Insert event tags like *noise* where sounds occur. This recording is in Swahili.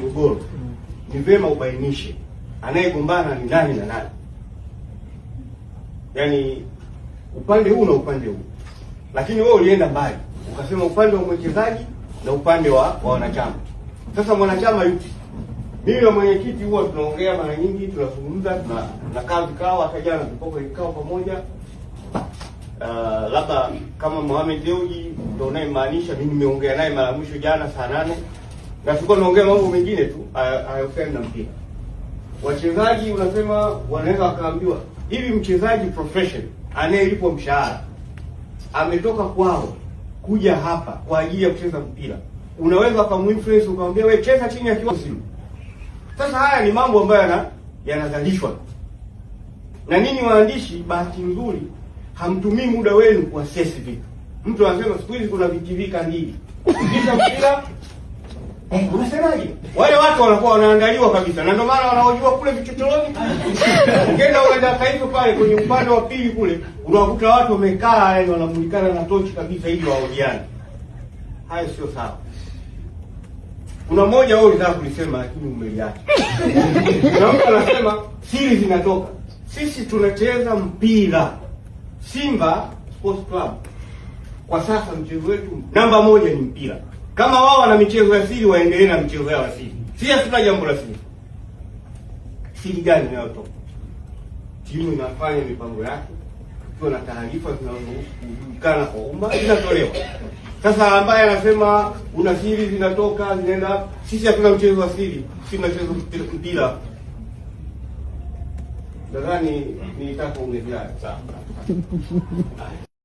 mgogoro, ni vema ubainishe anayegombana ni nani na nani, yaani upande huu na upande huu. Lakini wewe ulienda mbali ukasema upande wa mwekezaji na upande wa, wa wanachama. Sasa mwanachama yupi? Mimi na mwenyekiti huwa tunaongea mara nyingi, tunazungumza, tunakaa vikao, hata jana tulipokuwa kikao pamoja. Uh, labda kama Mohamed Deuji ndio unayemaanisha, mimi nimeongea naye mara mwisho jana saa nane na tulikuwa tunaongea mambo mengine tu hayahusiani na mpira. Wachezaji unasema wanaweza wakaambiwa hivi, mchezaji profession anayelipwa mshahara ametoka kwao kuja hapa kwa ajili ya kucheza mpira, unaweza ukamuinfluence ukamwambia wewe cheza chini ya kiwango. Sasa haya ni mambo ambayo yana- yanazalishwa na nini. Waandishi bahati nzuri hamtumii muda wenu kuassess vitu. Mtu anasema siku hizi kuna vitivika kandili kisha mpira Eh, unasemaje? Wale watu wanakuwa wanaandaliwa kabisa. Na ndio maana wanaojua kule vichochoroni. *laughs* Ukienda ule dakika pale kwenye upande wa pili kule, unawakuta watu wamekaa yani wanamulikana na tochi kabisa ili waojiane. Hayo sio sawa. Kuna mmoja wewe ulitaka kulisema lakini umeliacha. *laughs* Na mtu anasema siri zinatoka. Sisi tunacheza mpira. Simba Sports Club. Kwa sasa mchezo wetu namba moja ni mpira. Kama wao wana michezo ya siri, waendelee na michezo yao ya siri. Sisi hatuna jambo la siri. Siri gani inayotoka? Timu inafanya mipango yake tukiwa na taarifa zinazojulikana kwa umma zinatolewa. Sasa ambaye anasema una siri zinatoka zinaenda, sisi hatuna mchezo wa siri, sisi tunacheza mpira. Nadhani nitaka ongezea sawa.